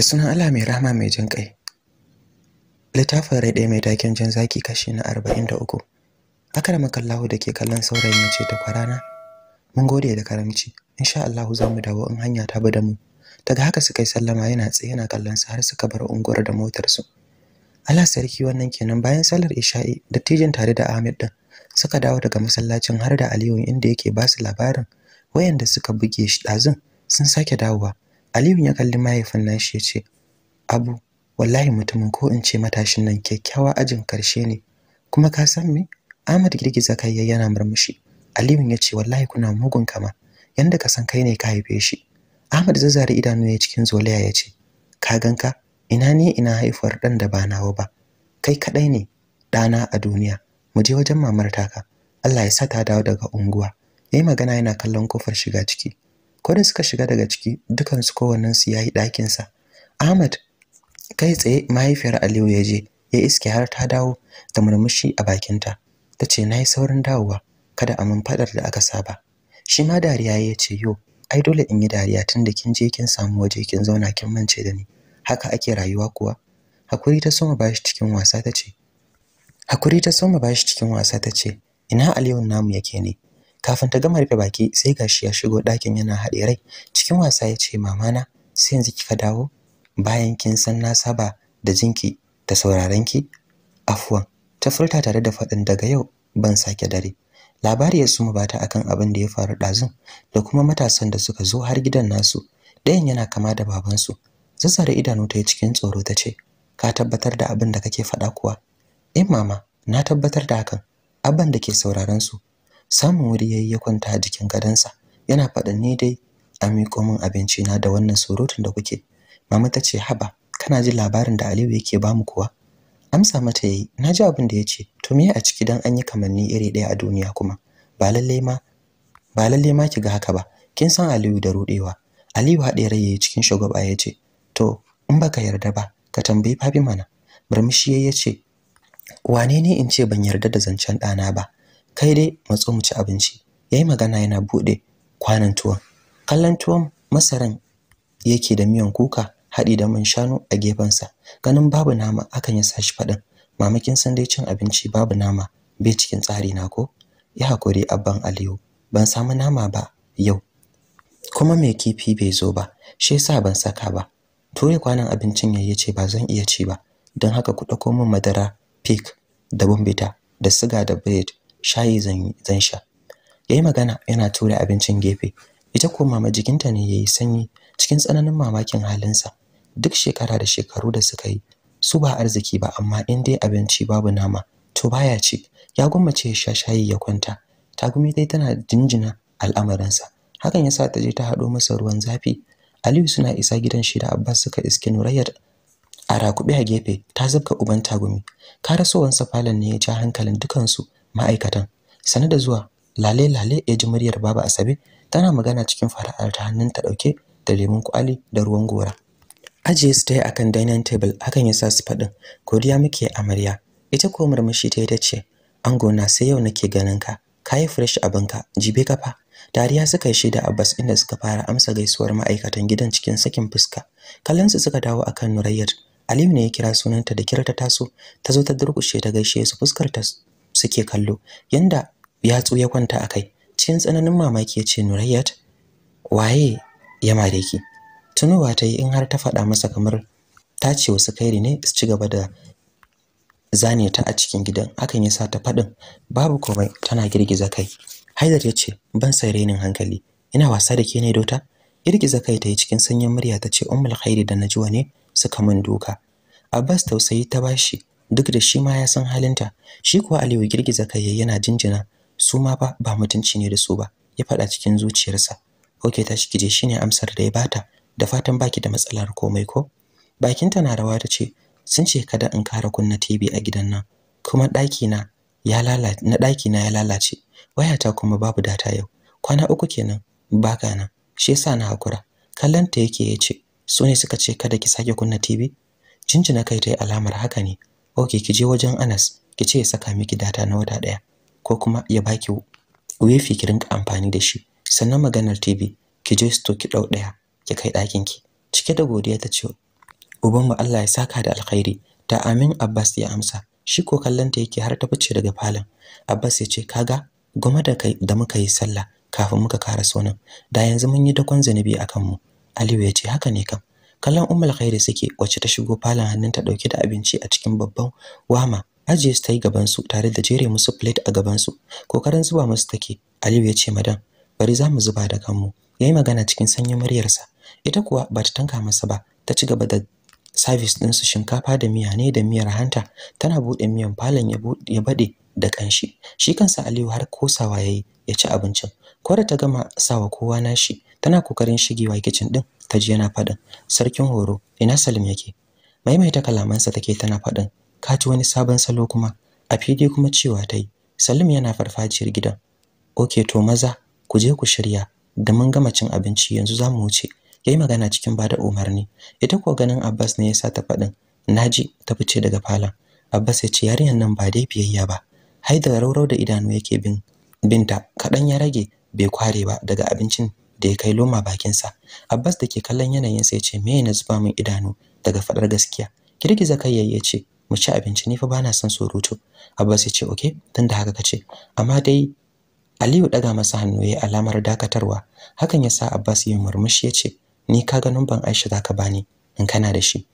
da sunan Allah mai rahama mai jin kai littafin rai ɗaya mai taken jan zaki kashi na arba'in da uku. 43 akar makallahu da ke kallon saurayin ya ce ta kwarana mun gode da karamci insha Allah za mu dawo in hanya ta bada mu daga haka suka yi sallama yana tsaye yana kallon su har suka bar unguwar da motar su Allah sarki wannan kenan bayan sallar isha'i dattijin tare da Ahmed din suka dawo daga masallacin har da Aliyu inda yake ba su labarin wayanda suka buge shi dazun sun sake dawowa Aliyu ya kalli mahaifin nashi ya ce, Abu, wallahi mutumin ko in ce matashin nan kyakkyawa ajin karshe ne, kuma ka san me? Ahmad girgiza kai ya yana murmushi. Aliyu ya ce, wallahi kuna mugun kama, yanda ka san kai ne ka haife shi. Ahmad zazzare idanu ya cikin zolaya ya ce, Ka ganka, ina ne ina haifuwar ɗan da ba nawa ba, kai kaɗai ne ɗana a duniya, mu je wajen mamar taka, Allah ya sa ta dawo daga unguwa. Ya yi magana yana kallon kofar shiga ciki. ko da suka shiga daga ciki dukansu kowannensu ya yi ɗakinsa ahmad kai tsaye mahaifiyar aliyu ya je ya iske har ta dawo da murmushi a bakinta ta ce na yi saurin dawowa kada a mun faɗar da aka saba shi ma dariya ya ce yo ai dole in yi dariya tun da kin je kin samu waje kin zauna kin mance da ni haka ake rayuwa kuwa hakuri ta soma bashi cikin wasa ta ce hakuri ta soma bashi cikin wasa ta ina aliyun namu yake ne kafin ta gama rufe baki sai gashi ya shigo ɗakin yana haɗe rai cikin wasa ya ce mama na sai yanzu kika dawo bayan kin san na saba da jinki da sauraron ki ta furta tare da faɗin daga yau ban sake dare labari ya suma bata akan abin da ya faru ɗazun da kuma matasan da suka zo har gidan nasu ɗayan yana kama da babansu zazzare idanu ta yi cikin tsoro ta ce ka tabbatar da abin da kake faɗa kuwa in eh, mama na tabbatar da hakan abban da ke sauraron su samun wuri yayi ya kwanta a jikin gadonsa yana faɗan ne dai a miƙo min abinci na da wannan surutun da kuke mama ta ce haba kana ji labarin da Aliyu yake bamu kuwa amsa mata yayi na ji abin da yace to me a ciki dan an yi kamanni iri ɗaya a duniya kuma ba lalle ma ba lalle ma kiga haka ba kin san Aliyu da rudewa Aliyu haɗe rai yayi cikin shugaba yace to in baka yarda ba ka tambayi Fabi mana murmushi yayi yace wane ne in ce ban yarda da zancen ɗana ba kai dai matso mu ci abinci yi magana yana buɗe kwanan tuwon kallon tuwon masaran yake da miyan kuka haɗi da man shanu a gefensa ganin babu nama akan ya sashi faɗin mamakin san dai cin abinci babu nama bai cikin tsari na ko ya hakuri abban aliyu ban samu nama ba yau kuma mai kifi bai zo ba shi yasa ban saka ba ture kwanan abincin yayi ce ba zan iya ci ba don haka ku ɗauko min madara pik da bombita da siga da bread shayi zan sha yayi magana yana tura abincin gefe ita ko mama jikinta ne yayi sanyi cikin tsananin mamakin halinsa duk shekara da shekaru da suka yi su ba arziki ba amma in dai abinci babu nama to baya ci ya gwammace ya sha shayi ya kwanta tagumi dai tana jinjina al'amarinsa hakan yasa ta je ta haɗo masa ruwan zafi Aliyu suna isa gidan shi da Abbas suka iske Nurayyar a rakuɓe a gefe ta zubka uban tagumi karasowansa falon ne ya ja hankalin dukansu ma'aikatan sane da zuwa lale lale ya ji muryar baba asabe tana magana cikin fara'a ta hannunta dauke da lemun kwali da ruwan gora ajiye su ta akan dining table hakan yasa su faɗin godiya muke amarya ita ko murmushi ta yi ce ango na sai yau nake ganin ka kai fresh abinka jibe kafa dariya suka yi shida abbas inda suka fara amsa gaisuwar ma'aikatan gidan cikin sakin fuska Kallon su suka dawo akan nurayyar aliyu ne ya kira sunanta da kirata taso ta zo ta durkushe ta gaishe su fuskar ta suke kallo yanda yatsu ya kwanta a kai cikin tsananin mamaki ya ce nurayyat waye ya mare ki tunuwa ta yi in har ta faɗa masa kamar ta ce wasu kairi ne su ci gaba da zane ta a cikin gidan Akan yasa ta faɗin babu komai tana girgiza kai haidar ya ce ban sai rainin hankali ina wasa da ke ne dota girgiza kai ta yi cikin sanyin murya ta ce ummul khairi da najuwa ne suka min duka abbas tausayi ta bashi duk da shi ma ya san halinta shi kuwa Aliyu girgiza kai yana jinjina su ma ba ba mutunci ne da su ba ya faɗa cikin zuciyarsa oke tashi kije shine amsar da ya bata da fatan baki da matsalar komai ko bakinta na rawa ta ce sun ce kada in kara kunna TV a gidan nan kuma daki na ya lalace na ɗaki na ya lalace wayata kuma babu data yau kwana uku kenan baka na shi yasa na hakura kallanta yake yace su ne suka ce kada ki sake kunna TV jinjina kai ta alamar haka ne okay ki je wajen Anas ki ce ya saka miki data na wata daya ko kuma ya baki wifi ki rinka amfani da shi sannan maganar TV ki je store ki dau daya ki kai ɗakin ki cike da godiya ta ce ubanmu Allah ya saka da alkhairi ta Amin Abbas ya amsa shi ko kallanta yake har ta fice daga falon Abbas ya ce kaga goma da kai da muka yi sallah kafin muka kara sunan. da yanzu mun yi dakon zanubi akan mu Aliyu ya ce haka ne kam kallon ummul khairi suke wacce ta shigo falon hannunta dauke da abinci a cikin babban wama ajiye su ta yi gaban su tare da jere musu plate a gaban su kokarin zuba musu take aliyu ya ce madam bari za mu zuba da kanmu yayi magana cikin sanyin muryarsa ita kuwa ba ta tanka masa ba ta ci gaba da service din su shinkafa da miya ne da miyar hanta tana bude miyan falon ya bade da kanshi shi kansa Aliyu har kosawa yayi ya ci abincin kwara ta gama sawa kowa nashi tana kokarin shigewa kitchen din ta ji yana faɗin sarkin horo ina Salim yake maimaita kalamansa take tana faɗin ka ci wani sabon salo kuma a fili kuma cewa ta Salim yana farfajiyar gidan oke to maza ku je ku shirya da mun gama cin abinci yanzu za mu wuce yayi magana cikin bada umarni ita ko ganin Abbas ne ya sa ta faɗin naji ta fice daga falon Abbas ya ce yarinyar nan ba dai biyayya ba Hai da raurau da idanu yake bin binta kaɗan ya rage bai kware ba daga abincin da ya kai loma bakinsa abbas da ke kallon yanayin sai ce me na zuba min idanu daga faɗar gaskiya girgiza kai yayi ce mu ci abinci ni fa bana son surutu abbas ya ce okay da haka kace amma dai aliyu daga masa hannu yayi alamar dakatarwa hakan yasa abbas ya murmushi ya ce ni ka ganin ban aisha zaka bani in kana da shi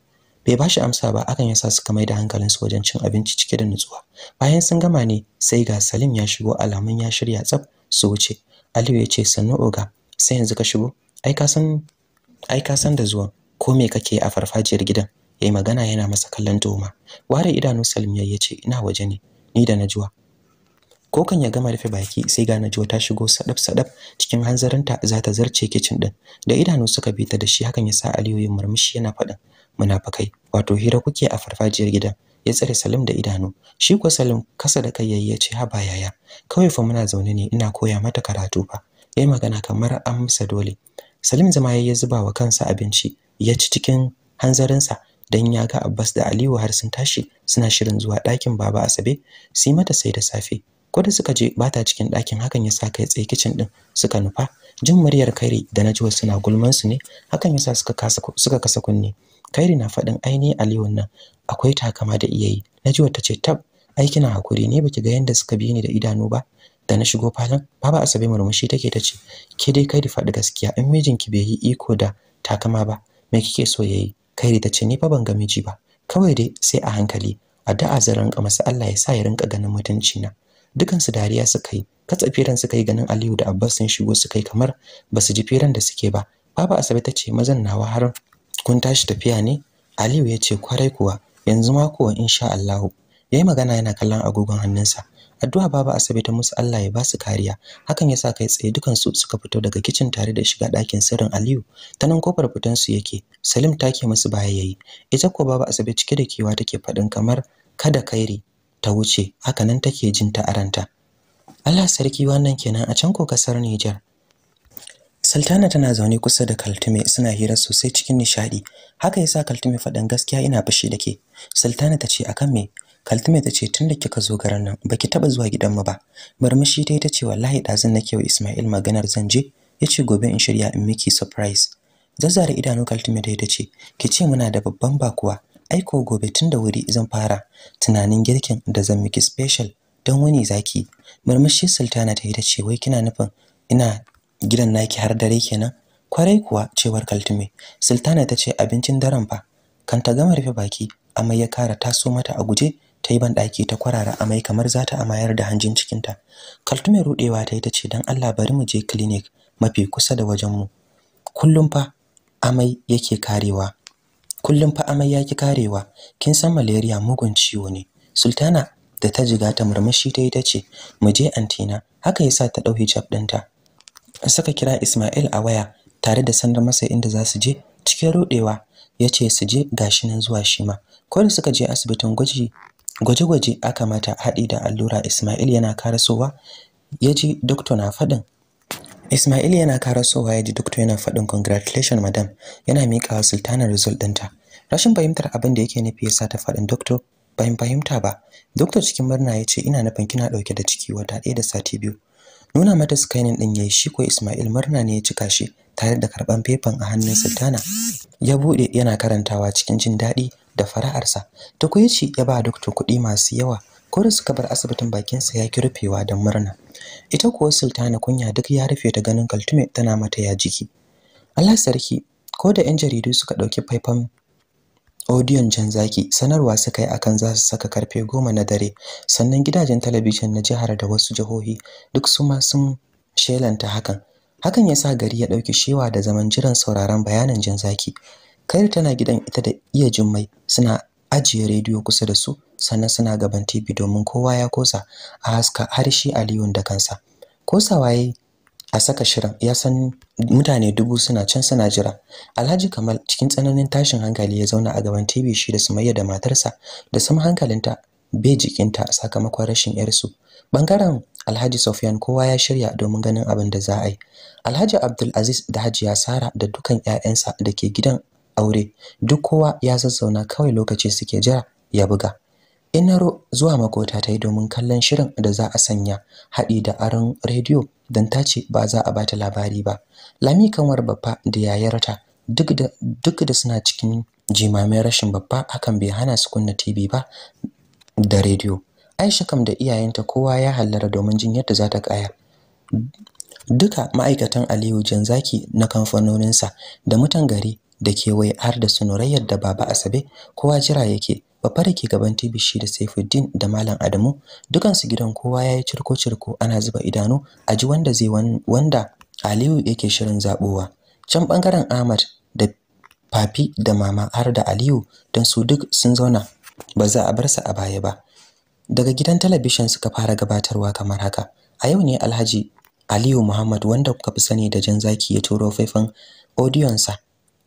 bai bashi amsa ba akan yasa suka mai da su wajen cin abinci cike da nutsuwa bayan sun gama ne sai ga Salim ya shigo alamun ya shirya tsaf su wuce Aliyu ya ce sannu oga sai yanzu ka shigo ai ka san ai ka san da zuwa? ko me kake a farfajiyar gidan yayi magana yana masa kallon tuhuma ware idanu salmiya ya ina waje ne ni da najuwa ko kan ya gama rufe baki sai ga najuwa ta shigo sadab sadab cikin hanzarinta za ta zarce kicin din da idanu suka bi ta da shi hakan ya sa aliyu ya murmushi yana faɗin munafakai wato hira kuke a farfajiyar gidan ya tsare Salim da idanu shi ko Salim kasa da kai yayi yace haba yaya kawai fa muna zaune ne ina koya mata karatu fa Ya yi magana kamar an amsa dole Salim zama ya yi zuba wa kansa abinci ya ci cikin hanzarinsa don ya ga Abbas da Aliyu har sun tashi suna shirin zuwa ɗakin Baba Asabe sai mata sai da safe ko da suka je bata cikin ɗakin hakan ya sa kai tsaye kicin ɗin suka nufa jin muryar Kairi da Najwa suna gulman su ne hakan ya sa suka kasa kunne Kairi na faɗin aini Aliyu nan akwai takama da iyayi Najwa ta ce tab aikina hakuri ne baki ga yadda suka bi ni da idanu ba da na shigo falon baba asabe murmushi take tace ce ke dai kai da faɗi gaskiya in mijinki bai yi iko da takama ba me kike so yayi kai ta tace ni fa ban ga miji ba kawai dai sai a hankali addu'a zan rinka masa Allah ya sa ya rinka ganin mutunci na dukansu dariya suka yi katsafiran suka yi ganin Aliyu da Abbas sun shigo suka yi kamar ba su ji firan da suke ba baba asabe ta ce mazan nawa har kun tashi tafiya ne Aliyu ya ce kwarai kuwa yanzu ma kuwa insha Allah yayi magana yana kallon agogon hannunsa addu'a babu asabe ta musu Allah ya ba su kariya hakan yasa kai tsaye dukan su suka fito daga kitchen tare da shiga ɗakin sirrin Aliyu ta nan kofar fitan su yake Salim take musu baya yayi ita ko babu asabe cike da kewa take faɗin kamar kada kairi ta wuce haka nan take jin ta aranta Allah sarki wannan kenan a can ko kasar Niger Sultana tana zaune kusa da Kaltume suna hira sosai cikin nishadi. Haka yasa Kaltume faɗin gaskiya ina fushi dake. Sultana ta ce akan me? Kaltume ta ce tunda kika zo garin nan baki taba zuwa gidanmu ba. Barmishi dai ta ce wallahi dazin nake wa Ismail maganar zan je yace gobe in shirya in miki surprise. Zazzare idanu Kaltume dai ta ce ki ce muna da babban bakuwa aiko gobe tunda wuri zan fara tunanin girkin da zan miki special don wani zaki. Murmushi Sultana ta yi ta ce wai kina nufin ina gidan naki har dare kenan? Kwarai kuwa cewar Kaltume. Sultana ta ce abincin daren fa kan ta gama rufe baki amma ya kara taso mata a guje ta yi banɗaki ta kwarara amai kamar za ta amayar da hanjin cikinta kaltume ruɗewa ta yi ta ce don allah bari mu je clinic mafi kusa da wajenmu kullum fa amai yake karewa kullum fa amai yake karewa kin san malaria mugun ciwo ne sultana da ta jiga ta murmushi ta yi ta ce mu je antina haka ya sa ta ɗau hijab ɗinta suka kira Ismail a waya tare da sanar masa inda za su je cikin ruɗewa ya ce su je gashi nan zuwa shi ma ko da suka je asibitin gwaji gwaje-gwaje aka mata haɗi da allura Ismail yana karasowa ya ji doctor na faɗin Ismail yana karasowa ya ji doctor yana faɗin congratulations madam yana miƙa wa sultana result ɗinta rashin fahimtar abin da yake nufi yasa ta faɗin doctor bayan fahimta ba doctor cikin murna ya ce ina nufin kina ɗauke da ciki wata ɗaya da sati biyu nuna mata scanning ɗin yayi shi ko Ismail murna ne ya cika shi tare da karɓan fefan a hannun sultana ya buɗe yana karantawa cikin jin daɗi da fara'arsa shi ya ba doctor kuɗi masu yawa ko da suka bar asibitin bakinsa ya ki rufewa da murna ita kuwa sultana kunya duk ya rufe ta ganin kaltume tana mata ya jiki Allah sarki ko da yan jaridu suka ɗauki faifan odiyon jan zaki sanarwa suka yi akan za su saka karfe goma na dare sannan gidajen talabijin na jihar da wasu jihohi duk su ma sun shelanta hakan hakan ya sa gari ya ɗauki shewa da zaman jiran sauraron bayanan jan zaki Kair tana gidan ita da iya jummai suna ajiye rediyo kusa da su sannan suna gaban TV domin kowa ya kosa a haska har shi Aliyun da kansa. Kosa waye a saka shirin ya san mutane dubu suna can suna jira. Alhaji Kamal cikin tsananin tashin hankali ya zauna a gaban TV shi da Sumayya da matarsa da sama hankalinta bai jikinta sakamakon rashin yarsu. Bangaren Alhaji Sofyan kowa ya shirya domin ganin abin da za a yi. Alhaji Abdulaziz Aziz da Hajiya Sara da dukan 'ya'yansa da ke gidan aure duk kowa ya zazzauna kawai lokaci suke jira ya buga inaro zuwa makota ta yi domin kallon shirin da za a sanya haɗi da aron rediyo don ta ce ba za a bata labari ba lami kanwar babba da yayarta duk da duk da suna cikin jimamin rashin babba hakan bai hana su kunna tv ba da rediyo aisha kam da iyayenta kowa ya hallara domin jin yadda za ta kaya duka ma'aikatan aliyu janzaki na kamfanoninsa da mutan gari da kewaye har da su yadda da Baba Asabe kowa jira yake babba da ke gaban TV shi da Saifuddin da Malam Adamu dukansu gidan kowa ya yi cirko cirko ana zuba idanu a ji wanda zai wanda Aliyu yake shirin zabowa can bangaren Ahmad da Papi da Mama har da Aliyu don su duk sun zauna ba za a bar su a baya ba daga gidan talabishin suka fara gabatarwa kamar haka a yau ne Alhaji Aliyu Muhammad wanda kuka fi sani da Jan Zaki ya turo faifan odiyonsa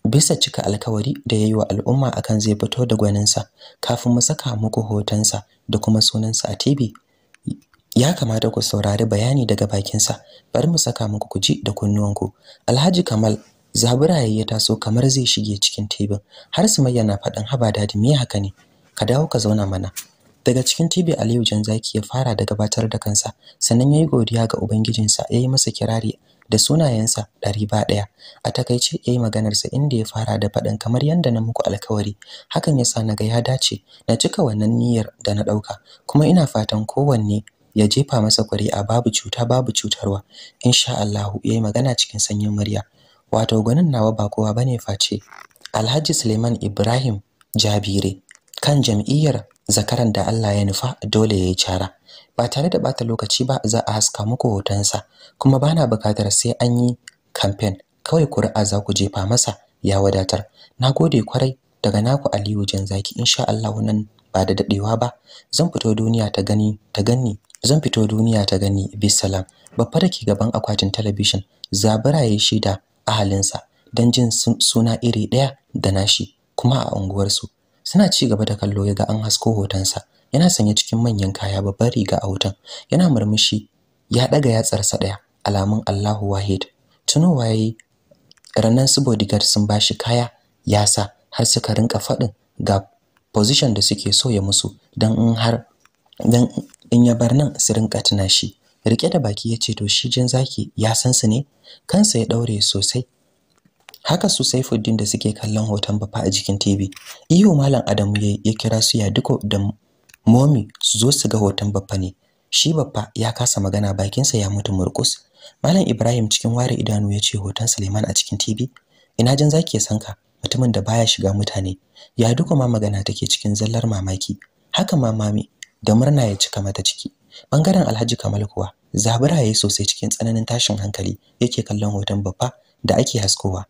bisa cika alkawari da ya yi wa al'umma akan zai fito da gwaninsa kafin mu saka muku hotonsa da kuma sunansa a TV. Ya kamata ku saurari bayani daga bakinsa, bari mu saka muku kuji da kunnuwanku. Alhaji Kamal zaburaye ya taso kamar zai shige cikin TV, har su Sumayya na faɗin haba dadi me haka ne ka dawo ka zauna mana daga cikin TV Aliyu Janzaki ya fara da gabatar da kansa sannan yayi godiya ga ubangijinsa ya yi masa kirari da sunayensa ɗari ba ɗaya a takaice ya yi maganarsa inda ya fara da faɗin kamar yadda na muku alkawari hakan ya yasa naga ya dace na cika wannan niyyar da na ɗauka kuma ina fatan kowanne ya jefa masa a babu cuta babu cutarwa insha ya yi magana cikin sanyin murya wato gwanin nawa ba kowa bane face Alhaji Suleiman Ibrahim Jabire kan jam'iyyar zakaran da Allah ya nufa dole ya yi cara ba tare da bata lokaci ba za a haska muku hotonsa kuma bana bukatar sai an yi campaign kawai kuri'a za ku jefa masa ya wadatar nagode kwarai daga naku Aliyu zaki insha Allah nan ba da dadewa ba zan fito duniya ta gani ta gani zan fito duniya ta gani bisalam babba dake gaban akwatin talabishin zabiraye shida ahalinsa dan jin suna iri daya da nashi kuma a unguwarsu suna ci gaba da kallo yaga an hasko hotonsa yana sanye cikin manyan kaya babbar riga a wutan yana murmushi ya daga yatsarsa daya alamun Allahu wahid tuno yayi ranan su bodyguard sun bashi kaya yasa har suka rinka fadin ga position da suke so ya musu dan in har dan in ya bar nan su rinka tuna shi rike da baki ya ce to shi jin zaki ya san su ne kansa ya daure sosai haka su Saifuddin da suke kallon hoton bafa a jikin TV iyo malam Adamu ya kira su ya duko da momi su zo su ga hoton baffa ne shi baffa ya kasa magana bakinsa ya mutu murkus malam ibrahim cikin ware idanu ya ce hoton suleiman a cikin tv ina jin zaki ya sanka mutumin da baya shiga mutane ya duka ma magana take cikin zallar mamaki haka ma mami da murna ya cika mata ciki bangaren alhaji kamal kuwa zabura yayi sosai cikin tsananin tashin hankali yake kallon hoton baffa da ake haskowa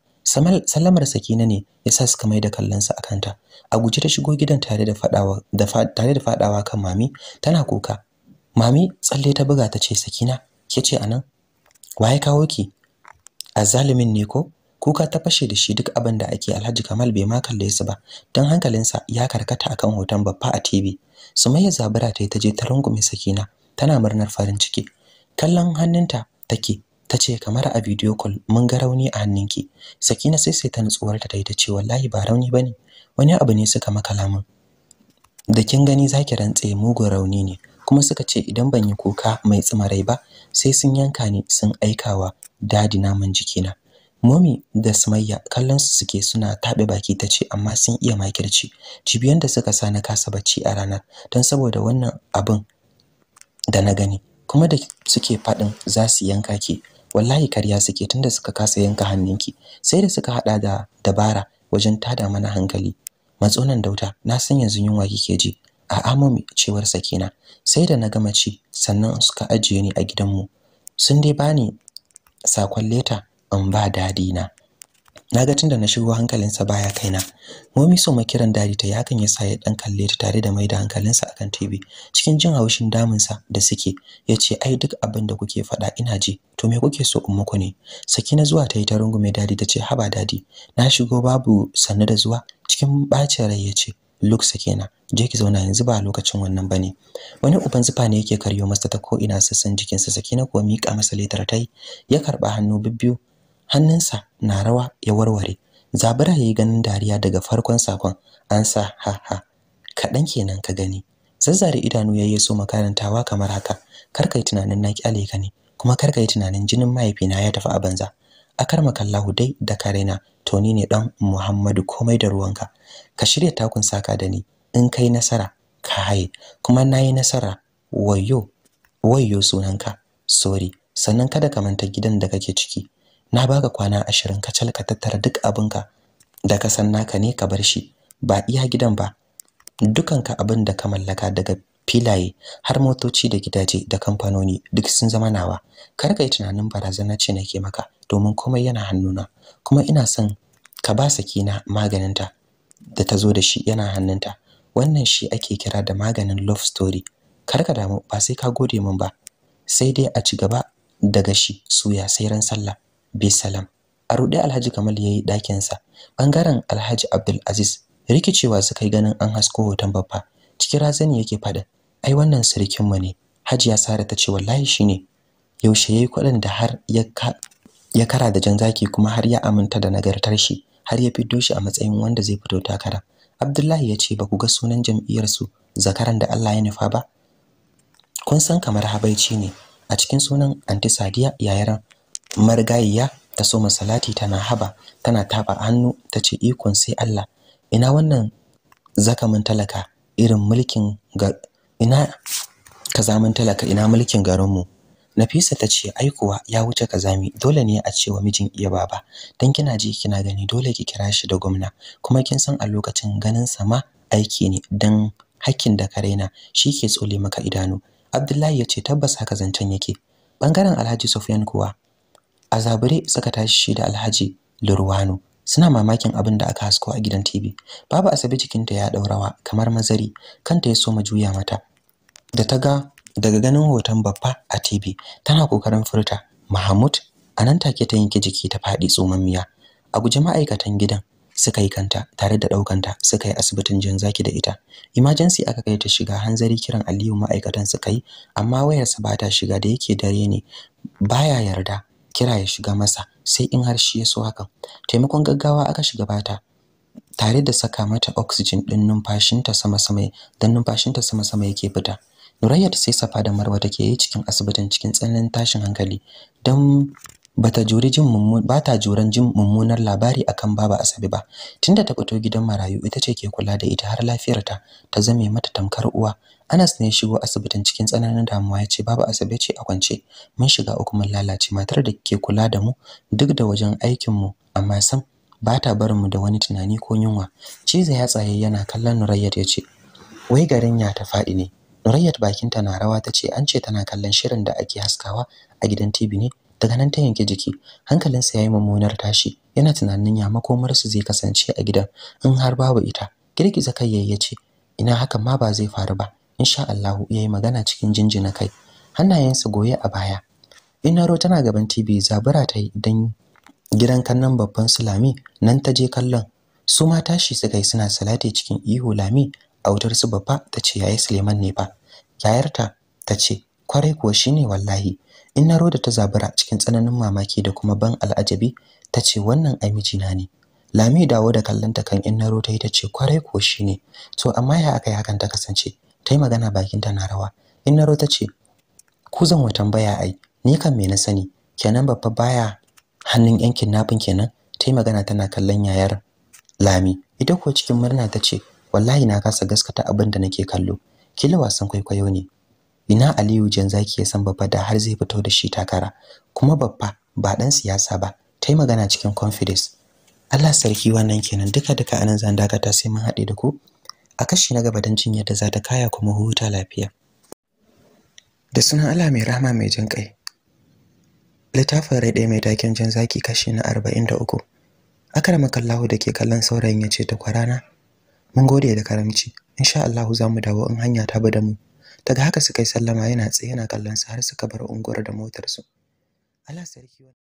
sallamar sakina ne ya sa suka mai da kallonsa a kanta a guje ta shigo gidan tare da fadawa da tare da fadawa kan mami tana kuka mami tsalle ta buga ta ce sakina ke ce anan waye kawo ki a zalimin ne ko kuka ta fashe da shi duk abin da ake Alhaji Kamal bai ma kalle su ba dan hankalinsa ya karkata akan hoton babba a TV Sumayya Zabira ta yi ta je ta rungume Sakina tana murnar farin ciki kallon hannunta take ta ce kamar a video call mun ga rauni a hannunki sakina sai sai ta nutsuwar ta yi ta ce wallahi ba rauni bane wani abu ne suka maka lamun da kin gani zaki rantse mugun rauni ne kuma suka ce idan ban yi kuka mai tsimarai ba sai sun yanka ni sun aikawa dadi na naman jikina Momi da Sumayya kallon su suke suna tabe baki tace amma sun iya makirci cibiyan da suka sa na kasa bacci a ranar don saboda wannan abin da na gani kuma da suke fadin za su yanka ki wallahi karya suke tunda suka kasa yanka hannunki sai da suka hada da dabara wajen tada mana hankali matsonan Dauta na san yanzu yunwa kike ji A amomi cewar sakina sai da na gama ci sannan suka ajiye ni a gidanmu sun dai bani sakon leta in ba dadi na na ga tunda na shigo hankalinsa baya kaina momi so ma kiran dadi ta hakan ya sa ya dan kalle ta tare da maida hankalinsa akan TV cikin jin haushin damunsa da suke yace ai duk abin da kuke faɗa ina ji to me kuke so in muku ne na zuwa ta yi ta rungume dadi ta ce haba dadi na shigo babu sannu da zuwa cikin bacin rai yace Luke sakina, je ki zauna yanzu ba lokacin wannan bane wani uban zufa ne yake karyo masa ta ko ina sassan jikinsa sakina ko mika masa letar tai ya karba hannu bibbiyu hannunsa na rawa ya warware zabura yayi ganin dariya daga farkon sakon an sa ha ha kaɗan kenan ka gani zazzare idanu ya yi so makarantawa kamar haka kar ka yi tunanin na kyale ka ne kuma kar ka yi tunanin jinin mahaifina ya tafi a banza akar makallahu dai da karena to ni ne dan Muhammadu komai da ruwanka ka shirya takun saka da ni in kai nasara ka haye kuma na yi nasara wayo wayo sunanka Sori, sannan kada ka manta gidan da kake ciki na baka kwana ashirin ka calka tattara duk abinka da ka san naka ne ka bar shi ba iya gidan ba dukanka abin da ka mallaka daga filaye har motoci da gidaje da kamfanoni duk sun zama nawa kar ka yi tunanin barazana ce nake maka domin komai yana hannuna kuma ina son ka ba sakina maganinta da ta zo da shi yana hannunta wannan shi ake kira da maganin love story kar ka damu ba sai ka gode min ba sai dai a ci gaba daga shi suya sai ran sallah bisalam a ruɗe alhaji kamal ya yi sa ɓangaren alhaji abdul aziz rikicewa suka yi ganin an hasko hoton babba cikin razani yake fada ai wannan mu ne ya sara ta ce wallahi shi ne yaushe yayi yi da har ya kara da jan zaki kuma har ya aminta da nagartar shi har ya fito shi a matsayin wanda zai fito takara abdullahi ya ce ba ku ga sunan su zakaran da allah ya nufa ba kun san kamar habaici ne a cikin sunan anti sadiya yayaran marigayiya ta so salati tana haba tana taba hannu ta ce ikon sai Allah ina wannan zakamin talaka irin mulkin ina kazamin talaka ina mulkin garinmu Nafisa ta ce ai ya wuce kazami dole ne a cewa mijin iya baba dan kina ji kina gani dole ki kira shi da gwamna kuma kin san a lokacin ganin sa ma aiki ne dan hakkin da ka raina shi ke tsole maka idanu Abdullahi ya ce tabbas haka zancen yake bangaren Alhaji Sufyan kuwa a zabure suka tashi shi da Alhaji Lurwano suna mamakin abin da aka hasko a gidan TV babu asabi jikinta ya daurawa kamar mazari kanta ya soma juya mata da ta ga daga ganin hoton babba a TV tana kokarin furta a nan take ta yanke jiki ta fadi miya. a guji ma'aikatan gidan suka yi kanta tare da ɗaukanta suka yi asibitin jin zaki da ita Imajensi aka kai ta shiga hanzari kiran Aliyu ma'aikatan suka yi amma wayarsa ba ta shiga da yake dare ne baya yarda kira ya shiga masa sai in har shi ya so hakan taimakon gaggawa aka shiga bata tare da saka mata oxygen din numfashinta sama-sama dan numfashinta sama-sama yake fita Nurayyat sai safa da Marwa take yi cikin asibitin cikin tsananin tashin hankali dan bata juri jin mummun bata juran jin mummunar labari akan baba Asabe ba tunda ta fito gidan marayu ita ce ke kula da ita har lafiyarta ta zame mata tamkar uwa Anas ne shigo asibitin cikin tsananin damuwa ya ce baba Asabe ce a kwance mun shiga uku mun lalace matar da ke kula da mu duk da wajen aikin mu amma sam bata barin mu da wani tunani ko yunwa cizo ya tsaye yana kallon Nurayyat ya ce wai garin ya ta faɗi ne Nurayyat bakinta na rawa ta ce an ce tana kallon shirin da ake haskawa a gidan TV ne daga nan ta yanke jiki hankalinsa ya yi mummunar tashi yana tunanin ya makomarsu zai kasance a gidan in har babu ita girgiza kai yayi yace ina hakan ma ba zai faru ba insha ya yi magana cikin jinjina kai hannayensa goye a baya inaro tana gaban TV zabura ta yi dan gidan kannan babban sulami nan ta je kallon su ma tashi suka yi suna salati cikin ihu lami autar su babba ta ce yayi Suleiman ne fa yayarta ta ce kwarai kuwa shine wallahi in na roda ta zabura cikin tsananin mamaki da kuma ban al'ajabi ta ce wannan ai mijina ne lami dawo da kallonta kan in na roda ita ce kwarai kuwa shine to amma ya aka yi hakan ta kasance ta yi magana bakinta na rawa in na roda ta ce ku zan wa tambaya ai ni kan me na sani kenan babba baya hannun yan kidnapping kenan ta yi magana tana kallon yayar lami ita kuwa cikin murna ta ce wallahi na kasa gaskata abin da nake kallo kila wasan kwaikwayo ne ina Aliyu jan Zaki ya san babba da har zai fito da shi takara kuma babba ba dan siyasa ba tai magana cikin confidence Allah sarki wannan kenan duka duka anan zan dakata sai mun haɗe da ku a kashi na gaba don cin yadda za ta kaya kuma huta lafiya da sunan Allah mai rahama mai jin kai littafin rai ɗaya mai taken jan zaki kashi na arba'in 43 aka rama kallahu da ke kallon saurayin ya ce ta kwarana mun gode da karamci insha Allah za mu dawo in hanya ta bada mu daga haka suka yi sallama yana tsaye yana kallon su har suka bar unguwar da motar su Allah sarki